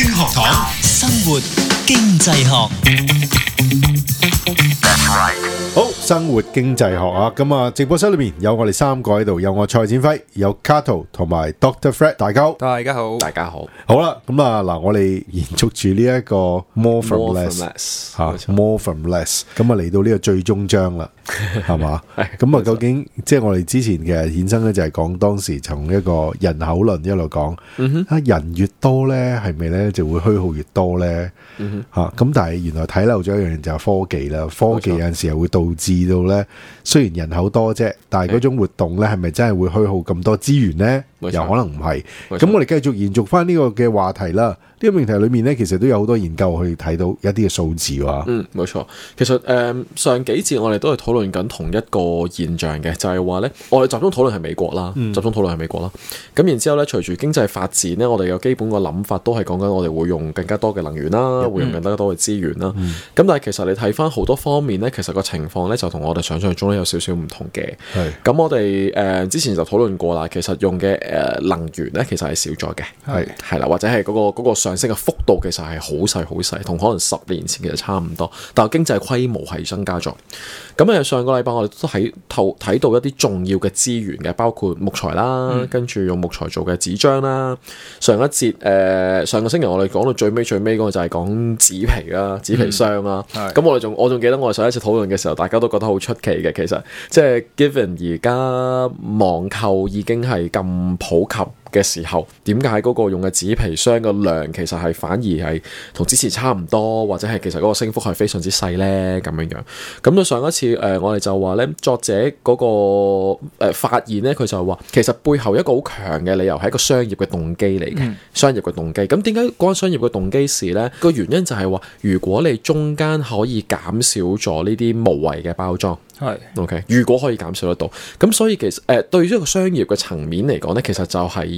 經學堂，生活經濟學。好。生活經濟學啊，咁啊，直播室裏面有我哋三個喺度，有我蔡展輝，有 Cato 同埋 Doctor Fred，大家好，大家好，大家好。好啦，咁啊嗱，我哋延續住呢一個 More From Less 嚇，More From Less，咁啊嚟到呢個最終章啦，係嘛？係。咁啊，究竟即係我哋之前嘅衍生咧，就係講當時從一個人口論一路講，嗯哼，啊人越多咧，係咪咧就會虛耗越多咧？嗯哼，嚇，咁但係原來睇漏咗一樣嘢就係科技啦，科技有陣時又會導致。知道咧，雖然人口多啫，但係嗰種活動咧，係咪真係會虛耗咁多資源咧？又可能唔係，咁我哋繼續延續翻呢個嘅話題啦。呢、這個命題裏面呢，其實都有好多研究去睇到一啲嘅數字啊、嗯。嗯，冇錯。其實誒，上幾節我哋都係討論緊同一個現象嘅，就係話呢，我哋集中討論係美國啦、嗯，集中討論係美國啦。咁然之後呢，隨住經濟發展呢，我哋有基本個諗法，都係講緊我哋會用更加多嘅能源啦、嗯，會用更加多嘅資源啦。咁、嗯、但係其實你睇翻好多方面呢，其實個情況呢，就同我哋想象中呢有少少唔同嘅。咁我哋誒之前就討論過啦，其實用嘅。誒、呃、能源咧其實係少咗嘅，係係啦，或者係嗰、嗰個那個上升嘅幅度其實係好細好細，同可能十年前其實差唔多，但係經濟規模係增加咗。咁啊，上個禮拜我哋都睇套睇到一啲重要嘅資源嘅，包括木材啦，mm. 跟住用木材做嘅紙張啦。上一節、呃、上個星期我哋講到最尾最尾嗰個就係講紙皮啦、紙、mm. 皮箱啦。咁、mm. 我哋仲、right. 我仲記得我哋上一次討論嘅時候，大家都覺得好出奇嘅，其實即係、即係、given 而家網購已經係咁普及。嘅時候，點解嗰個用嘅紙皮箱嘅量其實係反而係同之前差唔多，或者係其實嗰個升幅係非常之細呢咁樣樣。咁喺上一次誒、呃，我哋就話呢作者嗰、那個誒、呃、發現呢，佢就話其實背後一個好強嘅理由係一個商業嘅動機嚟嘅、嗯，商業嘅動機。咁點解關商業嘅動機事呢？個原因就係、是、話，如果你中間可以減少咗呢啲無謂嘅包裝，係 OK。如果可以減少得到，咁所以其實誒、呃、對於一個商業嘅層面嚟講呢，其實就係、是。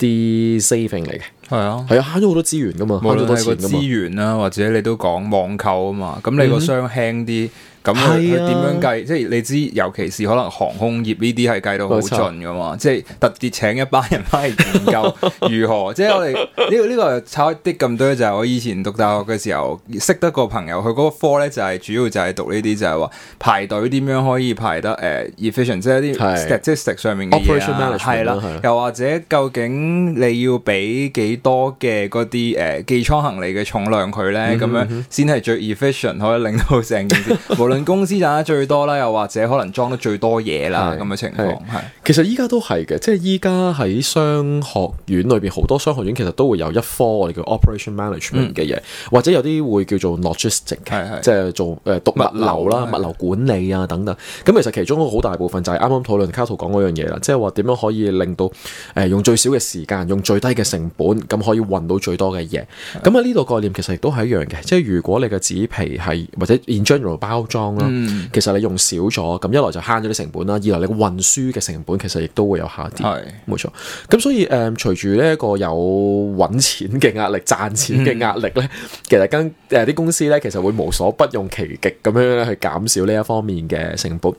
啲 saving 嚟嘅，係啊，係啊，慳咗好多資源噶嘛，無論係個資源啊，或者你都講網購啊嘛，咁、嗯、你個箱輕啲，咁佢點樣計？啊、即係你知，尤其是可能航空業呢啲係計到好盡噶嘛，即係特別請一班人翻嚟研究 如何。即係我哋呢、這個呢、這個差啲咁多就係、是、我以前讀大學嘅時候識得個朋友，佢嗰個科咧就係、是、主要就係讀呢啲就係、是、話排隊點樣可以排得誒、uh, efficient，是即係啲 statistics 上面嘅、啊，operation management 係啦，又或者究竟。你要俾幾多嘅嗰啲誒寄艙行李嘅重量佢咧，咁、mm-hmm. 樣先係最 efficient，可以令到成件事， 無論公司賺得最多啦，又或者可能裝得最多嘢啦，咁 嘅情況係。其實依家都係嘅，即係依家喺商學院裏邊好多商學院其實都會有一科我哋叫 operation management 嘅、嗯、嘢，或者有啲會叫做 logistic，即係做誒讀、呃、物流啦、物流管理啊等等。咁其實其中好大部分就係啱啱討論卡圖講嗰樣嘢啦，即係話點樣可以令到誒、呃、用最少嘅時。時間用最低嘅成本，咁可以運到最多嘅嘢，咁啊呢度概念其實亦都係一樣嘅，即係如果你嘅紙皮係或者 in general 包裝啦、嗯，其實你用少咗，咁一來就慳咗啲成本啦，二來你運輸嘅成本其實亦都會有下跌，冇錯。咁所以誒隨住呢一個有揾錢嘅壓力、賺錢嘅壓力咧、嗯，其實跟誒啲、呃、公司咧，其實會無所不用其極咁樣咧去減少呢一方面嘅成本，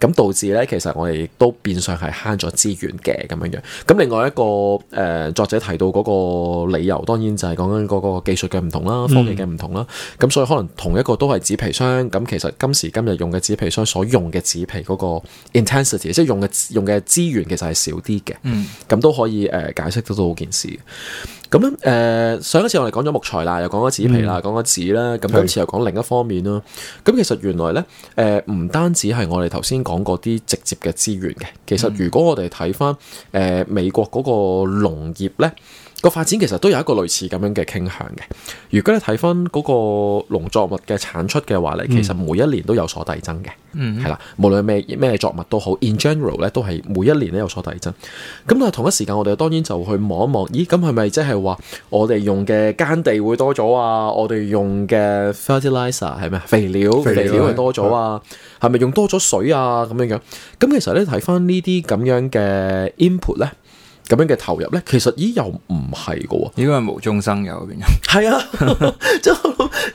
咁導致咧其實我哋亦都變相係慳咗資源嘅咁樣樣。咁另外一個。誒作者提到嗰個理由，當然就係講緊嗰個技術嘅唔同啦，科技嘅唔同啦。咁、嗯、所以可能同一個都係紙皮箱，咁其實今時今日用嘅紙皮箱所用嘅紙皮嗰個 intensity，即係用嘅用嘅資源其實係少啲嘅。咁、嗯、都可以誒、呃、解釋得到件事。咁咧、呃、上一次我哋講咗木材啦，又講咗紙皮啦，講咗紙啦，咁今次又講另一方面啦。咁其實原來呢，誒、呃、唔單止係我哋頭先講過啲直接嘅資源嘅，其實如果我哋睇翻誒美國嗰、嗰個。農業呢個發展其實都有一個類似咁樣嘅傾向嘅。如果你睇翻嗰個農作物嘅產出嘅話咧、嗯，其實每一年都有所遞增嘅。嗯，係啦，無論咩咩作物都好，in general 咧都係每一年都有所遞增。咁、嗯、但係同一時間，我哋當然就去望一望，咦？咁係咪即係話我哋用嘅耕地會多咗啊？我哋用嘅 fertilizer 係咩？肥料肥料係多咗啊？係咪用多咗水啊？咁樣樣咁其實你睇翻呢啲咁樣嘅 input 咧。咁樣嘅投入咧，其實咦又唔係嘅喎，應該係無中生有變。係啊，即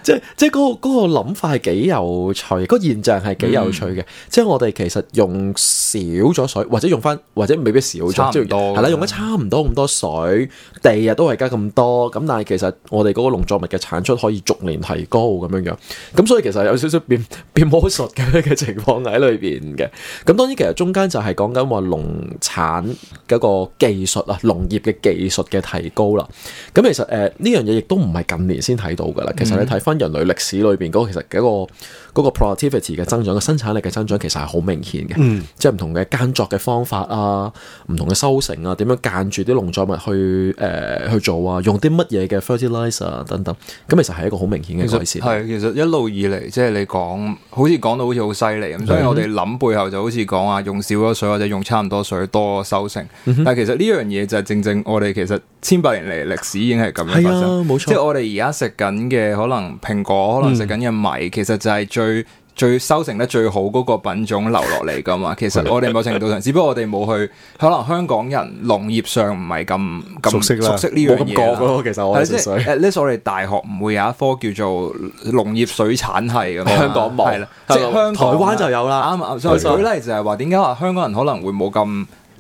即即嗰個嗰、嗰個諗法係幾有趣，個現象係幾有趣嘅。即、嗯即係、我哋其實用少咗水，或者用翻，或者未必少咗，即多係啦、係啊，用得差唔多咁多水地啊，都係而家咁多。咁但係其實我哋嗰個農作物嘅產出可以逐年提高咁樣樣。咁所以其實有少少變變魔術咁嘅情況喺裏面嘅。咁當然其實中間就係講緊話農產嗰個技。業嘅技術啊，農業嘅技術嘅提高啦，咁其實誒呢、呃、樣嘢亦都唔係近年先睇到㗎啦。其實你睇返人類歷史裏邊嗰個其實一個。嗰、那個 productivity 嘅增長，個生產力嘅增長其實係好明顯嘅、嗯，即係唔同嘅耕作嘅方法啊，唔同嘅收成啊，點樣間住啲農作物去、呃、去做啊，用啲乜嘢嘅 fertilizer 等等，咁其實係一個好明顯嘅改善。係，其實一路以嚟，即係你講，好似講到好似好犀利咁，所以我哋諗背後就好似講啊，用少咗水或者用差唔多水多收成，但其實呢樣嘢就係正正我哋其實千百年嚟歷史已經係咁樣發生，冇錯、啊、即係我哋而家食緊嘅可能蘋果，可能食緊嘅米、嗯，其實就係。最最收成得最好嗰個品種留落嚟噶嘛？其實我哋某程度上， 只不過我哋冇去，可能香港人農業上唔係咁咁熟悉，呢樣嘢其實我，就是、 我誒，我哋大學唔會有一科叫做農業水產系噶嘛？香港冇係啦，即係、就是、香港、啊、台灣就有啦。啱，所以再舉例就係話，點解話香港人可能會冇咁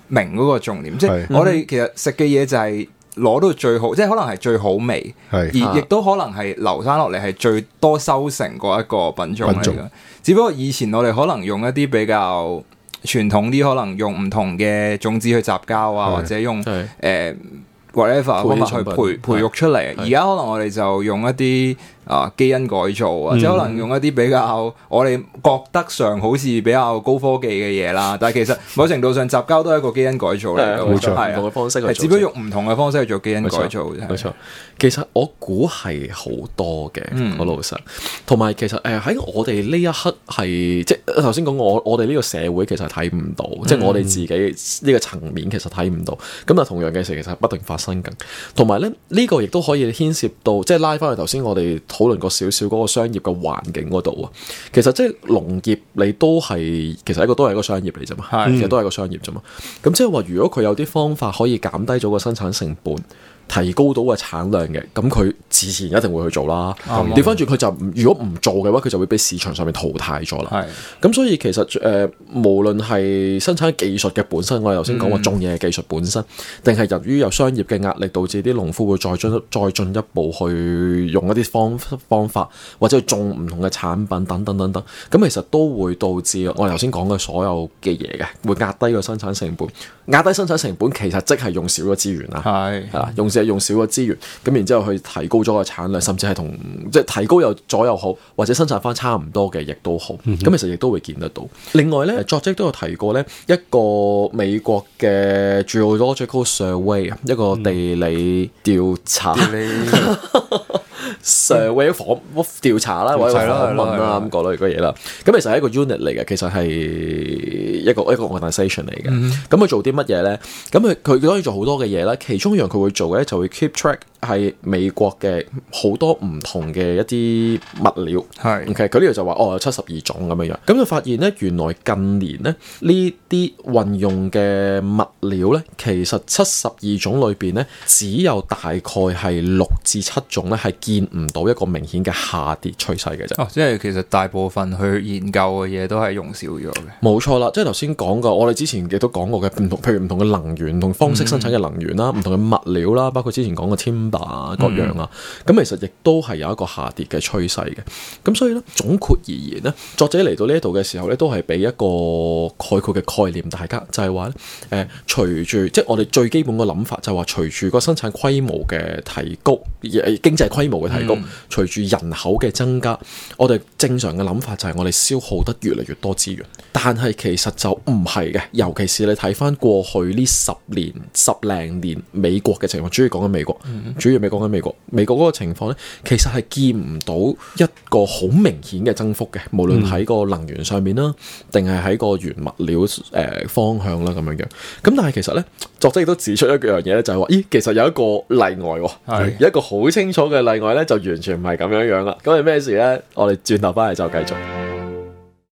明嗰個重點？即係我哋其實食嘅嘢就係、是。攞到最好，即係可能係最好味，而亦都可能係留翻落嚟係最多收成嗰一個品種嚟嘅。只不過以前我哋可能用一啲比較傳統啲，可能用唔同嘅種子去雜交啊，或者用誒。咁去培培育出嚟。而家可能我哋就用一啲啊、呃、基因改造啊，即係可能用一啲比較我哋覺得上好似比較高科技嘅嘢啦。嗯、但係其實某程度上雜 交都係一個基因改造嚟嘅，冇錯。唔同嘅方式，係只不過用唔同嘅方式去做基因改造啫，冇錯、就是。其實我估係好多嘅，好、嗯、老實。同埋其實誒喺、呃、我哋呢一刻係即係。才我頭先講我我哋呢個社會其實睇唔到，嗯、即係我哋自己呢個層面其實睇唔到。咁啊，同樣嘅事其實不斷發生緊。同埋咧，呢、呢個亦都可以牽涉到，即係拉翻去頭先我哋討論過少少嗰個商業嘅環境嗰度啊。其實即係農業，你都係其實一個都係一個商業嚟啫嘛，其實都係一個商業啫嘛。咁、嗯、即係話，如果佢有啲方法可以減低咗個生產成本。提高到嘅產量嘅，咁佢自然一定會去做啦。掉返轉，佢就，如果唔做嘅話，佢就會被市場上面淘汰咗啦。咁所以其實誒、呃、無論係生產技術嘅本身，我哋頭先講過種嘢嘅技術本身，定係由於有商業嘅壓力導致啲農夫會再進再進一步去用一啲方方法，或者種唔同嘅產品等等等等。咁其實都會導致我哋頭先講嘅所有嘅嘢嘅，會壓低個生產成本。壓低生產成本，成本其實即係用少咗資源啦。啊，用用少咗資源，咁然之後去提高咗個產量，甚至係同即係提高又左又好，或者生產翻差唔多嘅，亦都好。咁、嗯、其實亦都會見得到。另外咧，作者都有提過咧，一個美國嘅 Geological Survey，、嗯、一個地理調查、嗯、 ，Survey Form 調， 調查啦，或者訪問啦咁嗰類嘅嘢啦。咁其實係一個 unit 嚟嘅，其實係。一個一個 organization 嚟嘅，咁、嗯、佢做啲乜嘢咧？咁佢佢可以做好多嘅嘢啦，其中一樣佢會做嘅咧，就會 keep track。係美國嘅好多唔同嘅一啲物料係，OK 佢呢度就話哦，有七十二種咁樣樣，咁就發現呢，原來近年呢呢啲運用嘅物料呢，其實七十二種裏邊呢，只有大概係六至七種呢係見唔到一個明顯嘅下跌趨勢嘅啫、哦。即係其實大部分去研究嘅嘢都係用少咗嘅。冇錯啦，即係頭先講過，我哋之前亦都講過嘅，唔同譬如唔同嘅能源同方式生產嘅能源啦，唔同、嗯、嘅物料啦，包括之前講嘅天啊，各樣啊，咁、嗯、其實亦都係有一個下跌嘅趨勢嘅。咁所以咧，總括而言呢，作者嚟到呢一度嘅時候咧，都係俾一個概括嘅概念大家，就係話咧，誒，隨住即係我哋最基本嘅諗法，就係話隨住個生產規模嘅提高，經濟規模嘅提高，嗯、隨住人口嘅增加，我哋正常嘅諗法就係我哋消耗得越嚟越多資源。但係其實就唔係嘅，尤其是你睇翻過去呢十年十零年美國嘅情況，主要講緊美國。主要未講緊美國，美國嗰個情況咧，其實係見唔到一個好明顯嘅增幅嘅，無論喺個能源上面啦，定係喺個原物料誒、呃、方向啦咁樣樣。咁但係其實咧，作者亦都指出一樣嘢咧，就係話，咦，其實有一個例外、喔，有一個好清楚嘅例外咧，就完全唔係咁樣樣啦。咁係咩事咧？我哋轉頭翻嚟就繼續。